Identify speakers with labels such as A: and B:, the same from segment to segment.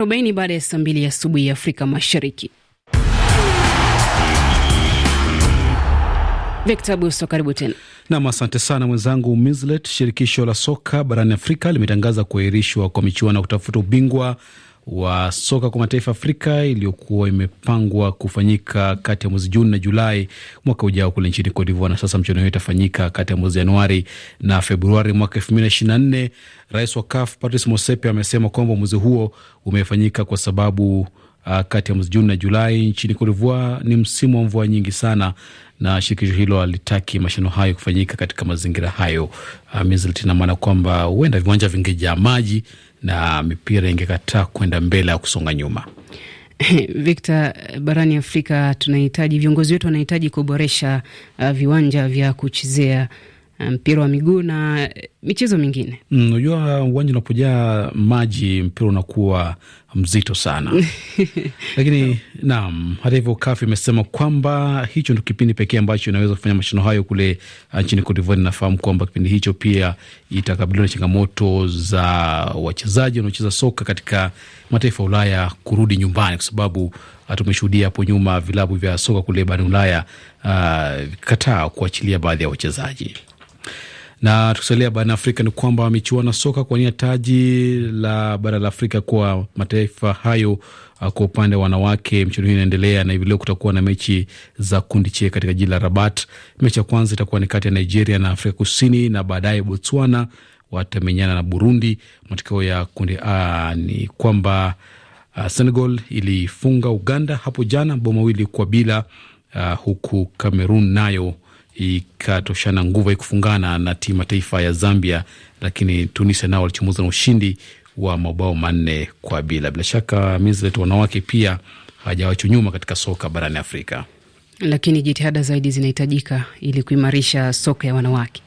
A: arobaini baada ya saa mbili asubuhi ya Afrika Mashariki. Victor Buso, karibu tena
B: nam. Asante sana mwenzangu Mislet. Shirikisho la soka barani Afrika limetangaza kuahirishwa kwa michuano ya kutafuta ubingwa wa soka kwa mataifa Afrika iliyokuwa imepangwa kufanyika kati ya mwezi Juni na Julai mwaka ujao kule nchini Cote d'Ivoire, na sasa mchuano hiyo itafanyika kati ya mwezi Januari na Februari mwaka elfu mbili na ishirini na nne. Rais wa CAF Patrice Motsepe amesema kwamba mwezi huo umefanyika kwa sababu Uh, kati ya mwezi Juni na Julai nchini Cote d'Ivoire ni msimu wa mvua nyingi sana, na shirikisho hilo alitaki mashindano hayo kufanyika katika mazingira hayo. Uh, maana kwamba huenda viwanja vingejaa maji na mipira ingekataa kwenda mbele au kusonga nyuma.
A: Victor, barani Afrika tunahitaji viongozi wetu wanahitaji kuboresha uh, viwanja vya kuchezea Eh, mpira wa miguu na eh, michezo mingine.
B: Mm, unajua mm, uwanja unapojaa maji mpira unakuwa mzito sana lakini naam, hata hivyo kafu imesema kwamba hicho ndo kipindi pekee ambacho inaweza kufanya mashindano hayo kule uh, nchini Cote d'Ivoire. Nafahamu kwamba kipindi hicho pia itakabiliwa na changamoto za wachezaji wanaocheza soka katika mataifa ya Ulaya kurudi nyumbani, kwa sababu uh, tumeshuhudia hapo nyuma vilabu vya soka kule barani Ulaya uh, kataa kuachilia baadhi ya wachezaji. Na tukisalia barani Afrika ni kwamba michuano soka kuwania taji la bara la Afrika kwa mataifa hayo uh, kwa upande wa wanawake, michuano hii inaendelea na hivi leo kutakuwa na mechi za kundi che katika jiji la Rabat. Mechi ya kwanza itakuwa ni kati ya Nigeria na Afrika Kusini, na baadaye Botswana watamenyana na Burundi. Matokeo ya kundi A ni kwamba uh, Senegal ilifunga Uganda hapo jana bao mawili kwa bila, uh, huku Cameroon nayo ikatoshana nguvu, ikufungana na timu taifa ya Zambia, lakini Tunisia nao walichomoza na ushindi wa mabao manne kwa bila. Bila shaka mizlet wanawake pia hawajawachwa nyuma katika soka barani Afrika,
A: lakini jitihada zaidi zinahitajika ili kuimarisha soka ya wanawake.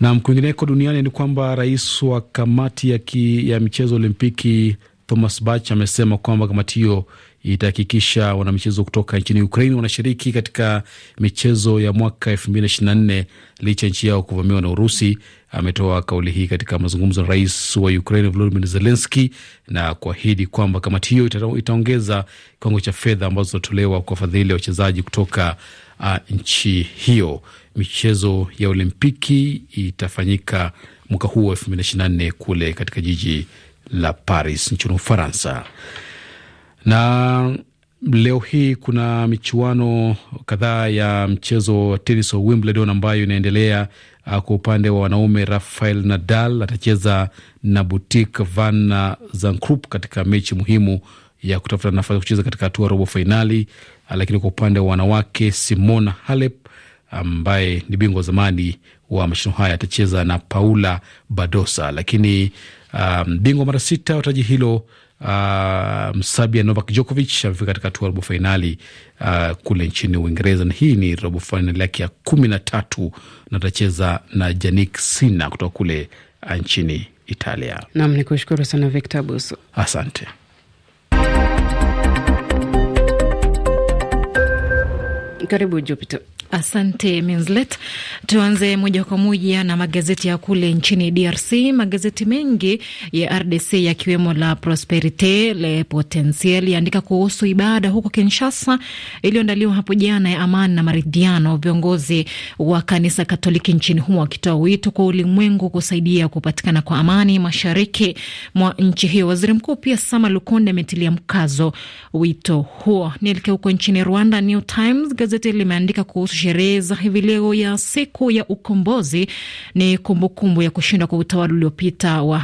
B: Nam, kwingineko duniani ni kwamba rais wa kamati ya, ki, ya michezo Olimpiki Thomas Bach amesema kwamba kamati hiyo itahakikisha wanamichezo kutoka nchini Ukraine wanashiriki katika michezo ya mwaka 24 licha nchi yao kuvamiwa na Urusi. Ametoa kauli hii katika mazungumzo na rais wa ukrain volodimir zelenski na kuahidi kwamba kamati hiyo ita, itaongeza kiwango cha fedha ambazo zinatolewa kwa fadhili ya wachezaji kutoka uh, nchi hiyo. Michezo ya Olimpiki itafanyika mwaka huu wa 24 kule katika jiji la Paris nchini Ufaransa. Na leo hii kuna michuano kadhaa ya mchezo wa tenis wa Wimbledon ambayo inaendelea. Uh, kwa upande wa wanaume, Rafael Nadal atacheza na Butik Van Zankrup katika mechi muhimu ya kutafuta nafasi ya kucheza katika hatua robo fainali. Uh, lakini kwa upande wa wanawake, Simona Halep ambaye ni bingwa zamani wa mashindano haya atacheza na Paula Badosa. Lakini um, bingwa mara sita wa taji hilo uh, Msabia Novak Djokovic amefika katika hatua robo fainali uh, kule nchini Uingereza, na hii ni robo fainali yake ya kumi na tatu na atacheza na janik sina kutoka kule uh, nchini Italia.
A: Nam ni kushukuru sana Victor Buso, asante. Karibu Jupiter.
C: Asante Minslet. Tuanze moja kwa moja na magazeti ya kule nchini DRC. Magazeti mengi ya RDC yakiwemo la Prosperite, Le Potentiel yaandika kuhusu ibada huko Kinshasa iliyoandaliwa hapo jana ya amani na maridhiano, viongozi wa kanisa Katoliki nchini humo wakitoa wito kwa ulimwengu kusaidia kupatikana kwa amani mashariki mwa nchi hiyo. Waziri Mkuu pia Sama Lukonde ametilia mkazo wito huo. Nielekea huko nchini Rwanda, New Times gazeti limeandika kuhusu sherehe za hivi leo ya siku ya ukombozi ni kumbukumbu kumbu ya kushindwa kwa utawala uliopita wa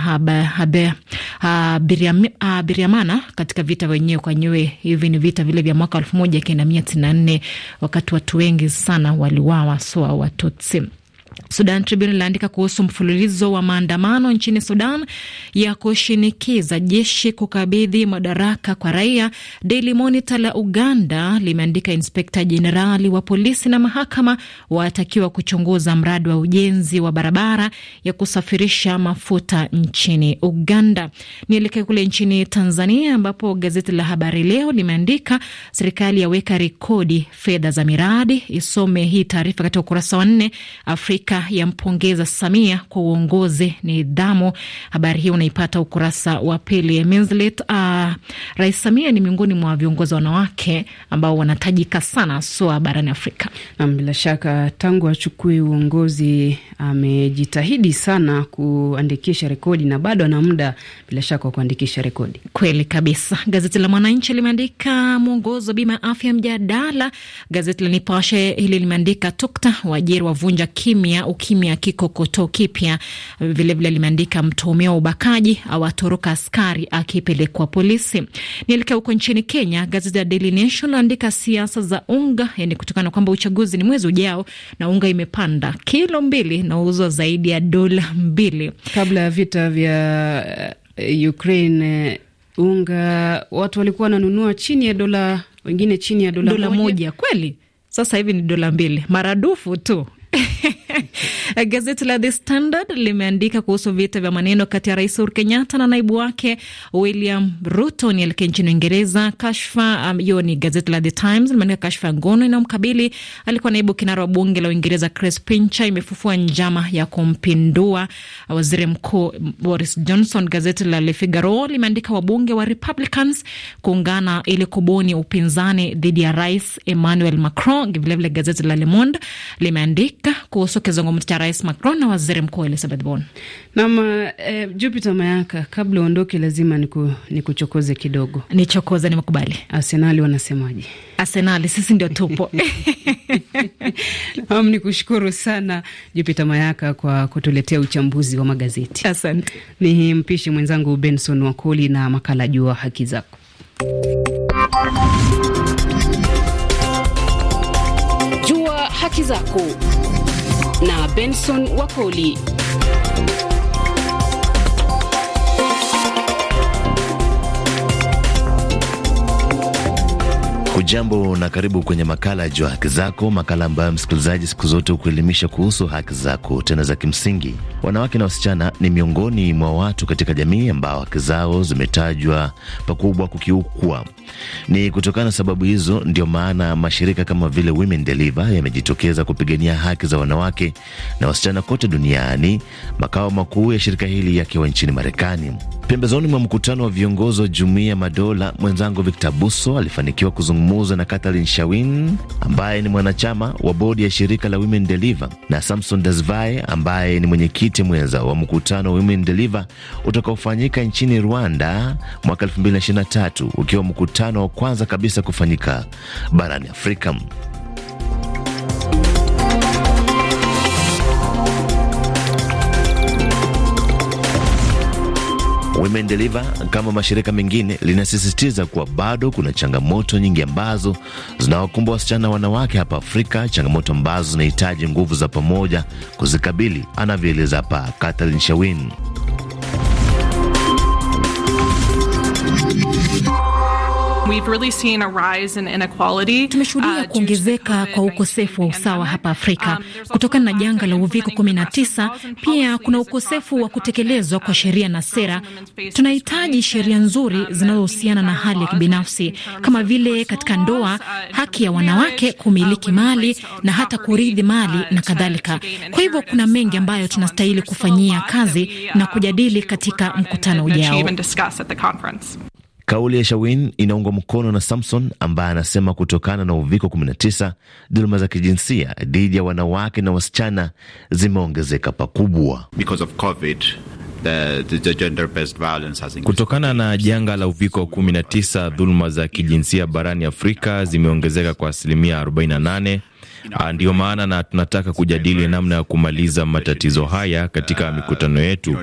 C: Habyarimana ah, ah, katika vita wenyewe kwa wenyewe. Hivi ni vita vile vya mwaka elfu moja kenda mia tisini na nne wakati watu wengi sana waliwawa soa Watutsi. Sudan Tribune iliandika kuhusu mfululizo wa maandamano nchini Sudan ya kushinikiza jeshi kukabidhi madaraka kwa raia. Daily Monitor la Uganda limeandika inspekta jenerali wa polisi na mahakama watakiwa kuchunguza mradi wa ujenzi wa barabara ya kusafirisha mafuta nchini Uganda. Nielekee kule nchini Tanzania ambapo gazeti la Habari Leo limeandika serikali yaweka rekodi fedha za miradi. Isome hii taarifa katika ukurasa wa nne. Afrika yampongeza Samia kwa uongozi nidhamu. Habari hii unaipata ukurasa wa pili. Minslet, uh,
A: Rais Samia ni miongoni mwa viongozi wanawake ambao wanatajika sana soa barani Afrika. Nam, Bila shaka tangu achukue uongozi amejitahidi sana kuandikisha rekodi na bado ana muda bila shaka wa kuandikisha rekodi. Kweli kabisa. Gazeti la Mwananchi limeandika mwongozo bima ya afya mjadala. Gazeti la Nipashe
C: hili limeandika tukta wajiri wavunja kimya ukimya kikokoto kipya. Vilevile limeandika mtuhumiwa wa ubakaji awatoroka askari akipelekwa polisi. Nielekea huko nchini Kenya, gazeti la Daily Nation laandika siasa za unga, yani kutokana kwamba uchaguzi ni mwezi ujao na unga imepanda kilo mbili na uuzwa zaidi ya dola mbili
A: kabla ya vita vya eh, Ukraine eh, unga watu walikuwa wananunua chini ya dola, wengine chini ya dola dola moja. Moja kweli, sasa hivi ni dola mbili maradufu tu.
C: Gazeti la The Standard limeandika kuhusu vita vya maneno kati ya Rais Uhuru Kenyatta na naibu wake William Ruto nielekea nchini Uingereza. Kashfa um, hiyo um, ni gazeti la The Times limeandika kashfa ya ngono inayomkabili alikuwa naibu kinara wa bunge la Uingereza Chris Pincher imefufua njama ya kumpindua waziri mkuu Boris Johnson. Gazeti la Le Figaro limeandika wabunge wa Republicans kuungana ili kubuni upinzani dhidi ya Rais Emmanuel Macron. Vilevile gazeti la Le Monde limeandika Afrika kuhusu kizungumzo cha Rais Macron na Waziri Mkuu Elizabeth Bon.
A: Nam eh, Jupiter Mayaka, kabla uondoke, lazima nikuchokoze kidogo. Nichokoze, nimekubali. Arsenali wanasemaje? Arsenali sisi ndio tupo. Nam ni kushukuru sana Jupiter Mayaka kwa kutuletea uchambuzi wa magazeti. Asante. Ni mpishi mwenzangu Benson Wakoli na makala Jua Haki Zako. Jua Haki Zako na Benson Wakoli.
D: Hujambo na karibu kwenye makala ya Jua Haki Zako, makala ambayo msikilizaji siku zote hukuelimisha kuhusu haki zako tena za kimsingi. Wanawake na wasichana ni miongoni mwa watu katika jamii ambao haki zao zimetajwa pakubwa kukiukwa. Ni kutokana na sababu hizo ndio maana mashirika kama vile Women Deliver yamejitokeza kupigania haki za wanawake na wasichana kote duniani, makao makuu ya shirika hili yakiwa nchini Marekani. Pembezoni mwa mkutano wa viongozi wa Jumuiya ya Madola, mwenzangu Victor Buso alifanikiwa kuzungumza na Catherine Shawin ambaye ni mwanachama wa bodi ya shirika la Women Deliver na Samson Dasvae ambaye ni mwenyekiti mwenza wa mkutano wa Women Deliver utakaofanyika nchini Rwanda mwaka 2023 ukiwa mkutano mkutano wa kwanza kabisa kufanyika barani Afrika. Women Deliver kama mashirika mengine linasisitiza kuwa bado kuna changamoto nyingi ambazo zinawakumbwa wasichana na wanawake hapa Afrika, changamoto ambazo zinahitaji nguvu za pamoja kuzikabili, anavyoeleza hapa Catherine Shawin.
C: Uh, Tumeshuhudia kuongezeka kwa ukosefu wa usawa hapa Afrika um, kutokana na janga la uviko 19. Pia kuna ukosefu wa kutekelezwa kwa sheria na um, sera. Tunahitaji sheria nzuri um, zinazohusiana na uh, hali ya kibinafsi kama vile katika ndoa, uh, haki ya wanawake kumiliki mali na hata kurithi mali na kadhalika. Kwa hivyo kuna mengi ambayo tunastahili kufanyia kazi na kujadili katika mkutano ujao.
D: Kauli ya Shawin inaungwa mkono na Samson ambaye anasema kutokana na uviko 19 dhuluma za kijinsia dhidi ya wanawake na wasichana zimeongezeka pakubwa.
E: The, the gender-based violence has increased.
D: Kutokana na janga la uviko 19
E: dhuluma za kijinsia barani Afrika zimeongezeka kwa asilimia 48 Ah, Ndiyo maana na tunataka kujadili namna ya kumaliza matatizo haya katika uh, mikutano yetu,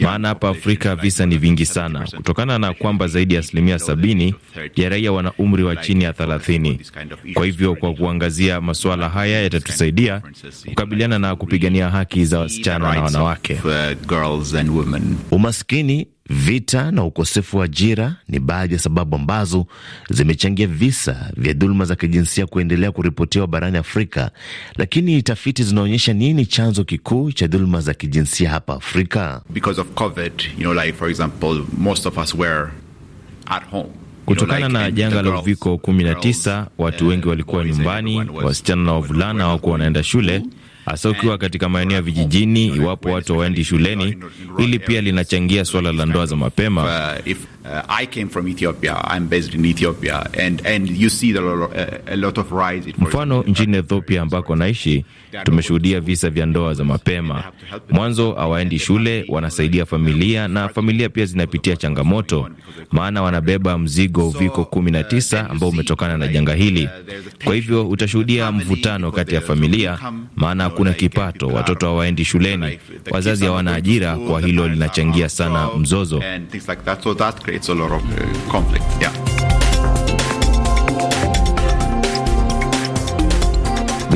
E: maana hapa Afrika visa ni vingi sana, kutokana na kwamba zaidi ya asilimia sabini ya raia wana umri wa chini ya thelathini. Kwa hivyo, kwa kuangazia masuala haya yatatusaidia kukabiliana na kupigania haki za wasichana na wanawake. Uh,
D: Umaskini Vita na ukosefu wa ajira ni baadhi ya sababu ambazo zimechangia visa vya dhuluma za kijinsia kuendelea kuripotiwa barani Afrika. Lakini tafiti zinaonyesha nini chanzo kikuu cha dhuluma za kijinsia hapa Afrika?
E: Kutokana na janga la uviko 19 watu wengi walikuwa nyumbani, wasichana na wavulana hawakuwa wanaenda shule hasa ukiwa katika maeneo ya vijijini, iwapo watu hawaendi shuleni. Hili pia linachangia suala la ndoa za mapema. Uh, I came from Ethiopia. I'm based in Ethiopia. And, and you see the, uh, a lot of rise. Mfano nchini Ethiopia ambako naishi, tumeshuhudia visa vya ndoa za mapema. Mwanzo hawaendi shule, wanasaidia familia na familia pia zinapitia changamoto, maana wanabeba mzigo uviko 19 uh, ambao umetokana na janga hili. Uh, kwa hivyo utashuhudia mvutano kati ya familia, maana hakuna kipato, watoto hawaendi shuleni, wazazi hawana ajira, kwa hilo linachangia sana mzozo. creates a lot of uh, conflict. Yeah.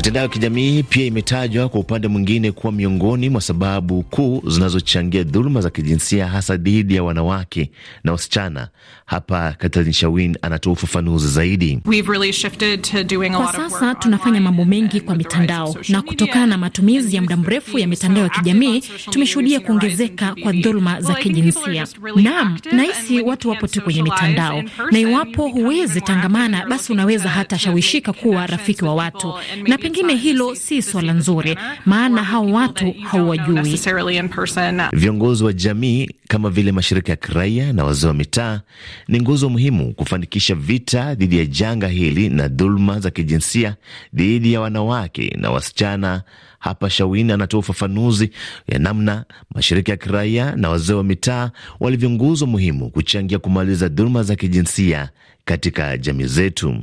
D: Mitandao ya kijamii pia imetajwa kwa upande mwingine kuwa miongoni mwa sababu kuu zinazochangia dhuluma za kijinsia hasa dhidi ya wanawake na wasichana. Hapa Catherine Shawin anatoa ufafanuzi zaidi.
C: Really kwa sasa tunafanya mambo mengi kwa mitandao na kutokana na matumizi ya muda mrefu ya mitandao ya kijamii tumeshuhudia kuongezeka kwa dhuluma za kijinsia. Naam, nahisi watu wapo tu kwenye mitandao, na iwapo huwezi tangamana, basi unaweza hata shawishika kuwa rafiki wa watu na Pengine hilo si swala nzuri, maana hao watu hauwajui.
D: Viongozi wa jamii kama vile mashirika ya kiraia na wazee wa mitaa ni nguzo muhimu kufanikisha vita dhidi ya janga hili na dhuluma za kijinsia dhidi ya wanawake na wasichana. Hapa Shawini anatoa ufafanuzi ya namna mashirika ya kiraia na wazee wa mitaa walivyo nguzo muhimu kuchangia kumaliza dhuluma za kijinsia katika jamii zetu.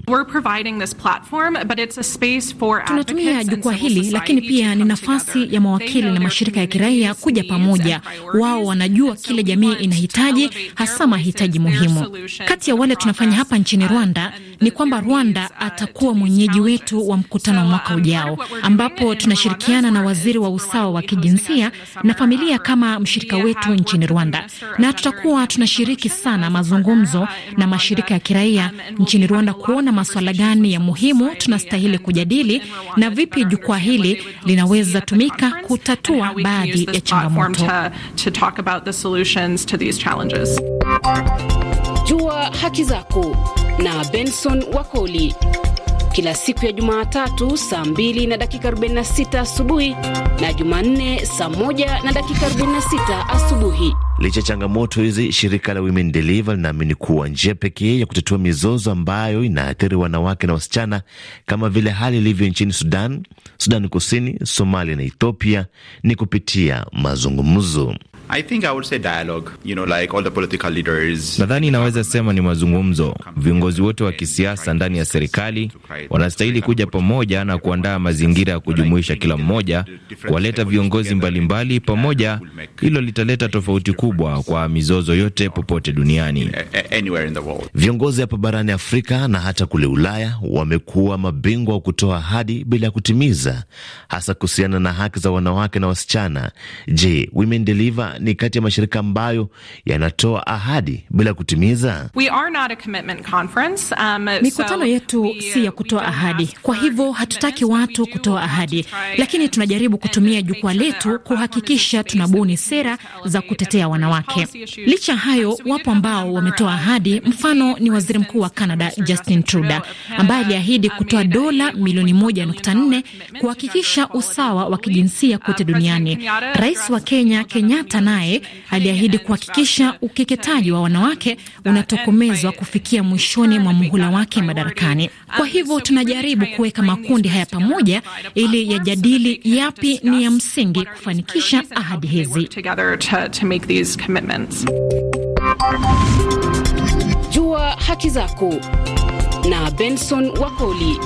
C: Tunatumia jukwaa hili, lakini pia ni nafasi ya mawakili na mashirika ya kiraia kuja pamoja. Wao wanajua kile jamii inahitaji, hasa mahitaji muhimu. Kati ya wale tunafanya hapa nchini Rwanda ni kwamba Rwanda atakuwa mwenyeji wetu wa mkutano wa mwaka ujao, ambapo tunashirikiana na waziri wa usawa wa kijinsia na familia kama mshirika wetu nchini Rwanda, na tutakuwa tunashiriki sana mazungumzo na mashirika ya kiraia raia nchini Rwanda kuona masuala gani ya muhimu tunastahili kujadili na vipi jukwaa hili linaweza tumika kutatua baadhi ya changamoto.
A: Jua haki zako na Benson Wakoli kila siku ya Jumatatu saa 2 na dakika 46 asubuhi na Jumanne saa 1 na dakika 46 asubuhi.
D: Licha ya changamoto hizi, shirika la Women Deliver linaamini kuwa njia pekee ya kutatua mizozo ambayo inaathiri wanawake na wasichana kama vile hali ilivyo nchini Sudan, Sudan Kusini, Somalia na Ethiopia ni kupitia mazungumzo
E: you know, like
D: nadhani inaweza sema ni mazungumzo.
E: Viongozi wote wa kisiasa ndani ya serikali wanastahili kuja pamoja na kuandaa mazingira ya kujumuisha kila mmoja, kuwaleta viongozi mbalimbali mbali pamoja. Hilo
D: litaleta tofauti kubwa kwa mizozo yote popote duniani. Viongozi hapa barani Afrika na hata kule Ulaya wamekuwa mabingwa wa kutoa ahadi bila ya kutimiza, hasa kuhusiana na haki za wanawake na wasichana. Je, Women Deliver ni kati ya mashirika ambayo yanatoa ahadi bila kutimiza.
C: We are not a commitment conference. Um, mikutano yetu we, si ya uh, kutoa ahadi, kwa hivyo hatutaki watu kutoa ahadi, lakini tunajaribu kutumia jukwaa letu kuhakikisha tunabuni sera za kutetea wanawake. Licha hayo, wapo ambao wametoa ahadi, mfano ni waziri mkuu wa Canada Justin Trudeau ambaye aliahidi kutoa dola milioni moja nukta nne kuhakikisha usawa wa kijinsia uh, kote duniani. Rais wa Kenya Kenyatta naye aliahidi kuhakikisha ukeketaji wa wanawake unatokomezwa kufikia mwishoni mwa muhula wake madarakani. Kwa hivyo tunajaribu kuweka makundi haya pamoja ili yajadili yapi ni ya msingi kufanikisha ahadi hizi.
A: Jua haki zako na Benson Wakoli.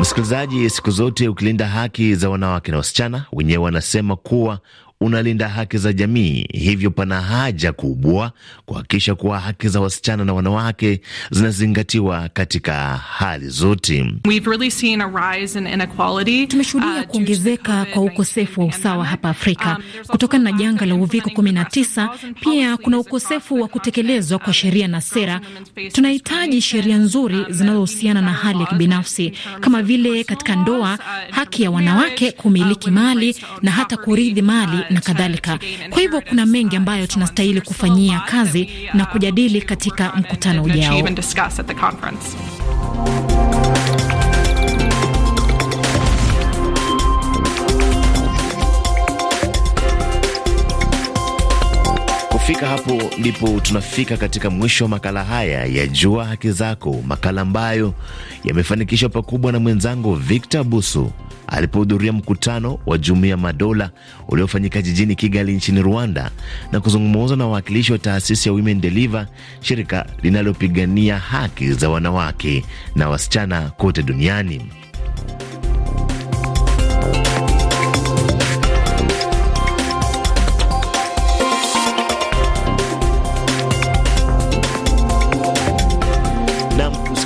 D: Msikilizaji, siku zote ukilinda haki za wanawake na wasichana, wenyewe wanasema kuwa unalinda haki za jamii, hivyo pana haja kubwa kuhakikisha kuwa haki za wasichana na wanawake zinazingatiwa katika hali zote.
C: Really uh, tumeshuhudia uh, kuongezeka kwa ukosefu wa usawa hapa Afrika um, kutokana na janga la uviko 19. Pia kuna ukosefu wa kutekelezwa kwa sheria na sera. Tunahitaji sheria nzuri uh, zinazohusiana na hali ya kibinafsi kama vile katika ndoa, uh, haki ya wanawake kumiliki mali na hata kuridhi mali na kadhalika. Kwa hivyo kuna mengi ambayo tunastahili kufanyia kazi na kujadili katika mkutano ujao.
D: Kufika hapo ndipo tunafika katika mwisho wa makala haya ya Jua Haki Zako, makala ambayo yamefanikishwa pakubwa na mwenzangu Victor Busu alipohudhuria mkutano wa Jumuiya Madola uliofanyika jijini Kigali nchini Rwanda na kuzungumza na wawakilishi wa taasisi ya Women Deliver, shirika linalopigania haki za wanawake na wasichana kote duniani.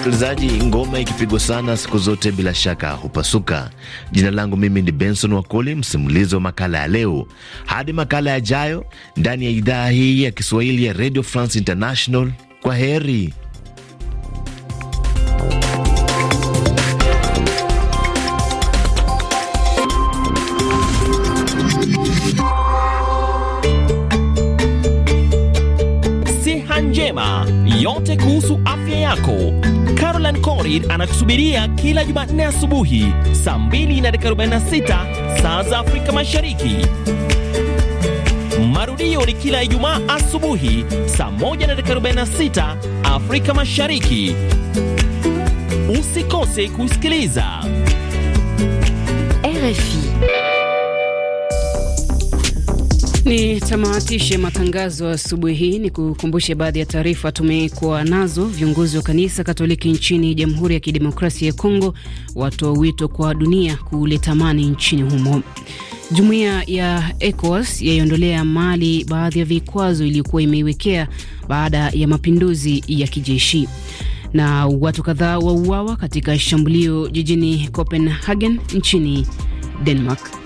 D: Msikilizaji, ngoma ikipigwa sana siku zote bila shaka hupasuka. Jina langu mimi ni Benson Wakoli, msimulizi wa makala ya leo. Hadi makala yajayo ndani ya idhaa hii ya Kiswahili ya Radio France International. Kwa heri.
F: Siha njema yote kuhusu afya yako Alan Corid anakusubiria kila Jumanne asubuhi saa 2 na dakika 46 saa za Afrika Mashariki. Marudio ni kila Ijumaa asubuhi saa 1 na dakika 46 Afrika Mashariki. Usikose kusikiliza
A: RFI. Ni tamatishe matangazo asubuhi hii, ni kukumbushe baadhi ya taarifa tumekuwa nazo. Viongozi wa kanisa Katoliki nchini Jamhuri ya Kidemokrasia ya Kongo watoa wito kwa dunia kuleta amani nchini humo. Jumuiya ya ECOWAS yaiondolea Mali baadhi ya vikwazo iliyokuwa imeiwekea baada ya mapinduzi ya kijeshi na watu kadhaa wauawa katika shambulio jijini Copenhagen nchini Denmark.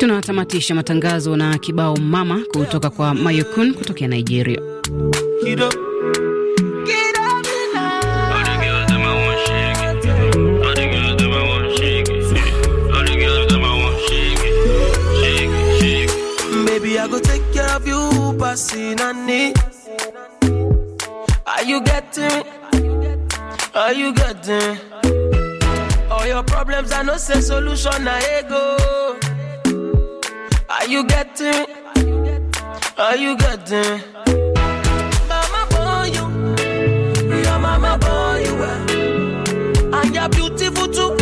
A: Tunatamatisha matangazo na kibao mama kutoka kwa Mayokun kutokea Nigeria.
F: Kido. solution na ego. Are you getting Are you getting Mama boy, you, your mama boy, you are, and you're beautiful too.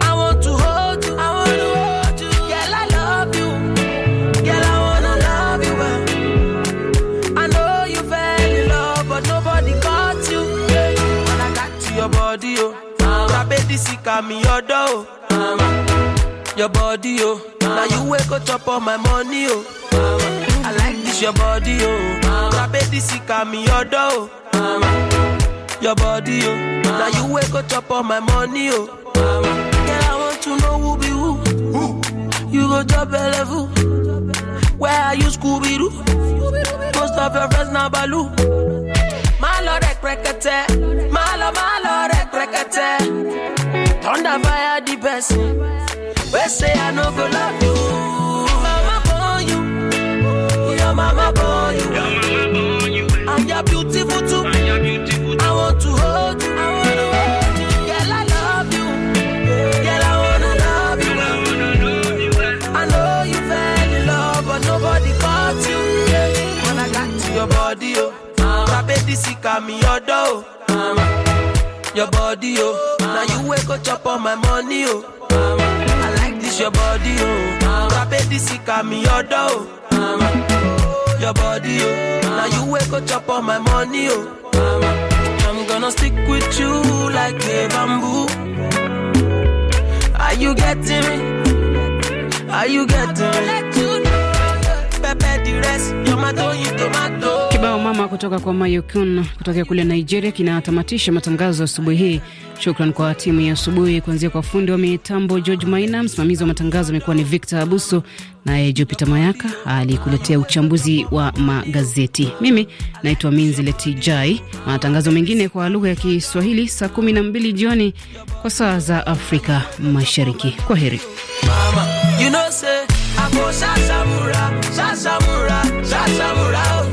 F: I want to hold you, I want to hold you, girl. I love you, girl. I wanna love you well. I know you fell in love, but nobody caught you. When I got to your body, oh, mama, baby, sick me your door, mama. Oh your body, oh. Now you wake up, chop all my money, oh. Mama. I like this, your body, oh. Grab it, this, me your door, oh. Your body, oh. Now you wake up, chop all my money, oh. Mama. Girl, I want to know who be who. who? You go chop a level. Where are you, Scooby Doo? Most of your friends now baloo. Malo rek rekete, malo malo rek rekete. Thunder fire the best. Where say I no go love you? Mama born you, your mama born you. Your mama born you. beautiful too. I want to hold you. I want to hold you. Girl, I love you. Girl, I wanna love you. wanna you. I know you fell in love, but nobody caught you. When I got to your body, oh, me your mama. Your body, oh, now you wake up on my money, oh, mama. Flex your body, oh. Mama. Rape this me your dough. Your body, oh. Now you wake up, chop on my money, oh. I'm gonna stick with you like a bamboo. Are you getting me? Are you getting me?
A: Kibao mama kutoka kwa Mayokun kutokea kule Nigeria kinatamatisha matangazo asubuhi hii. Shukran kwa timu ya asubuhi, kuanzia kwa fundi wa mitambo George Maina, msimamizi wa matangazo amekuwa ni Victor Abuso, naye Jupiter Mayaka alikuletea uchambuzi wa magazeti. Mimi naitwa Minzileti Jai. Matangazo mengine kwa lugha ya Kiswahili saa 12 jioni kwa saa za Afrika Mashariki. Kwa heri
F: mama, you know, Sasamura, Sasamura, Sasamura, Sasamura. Oh.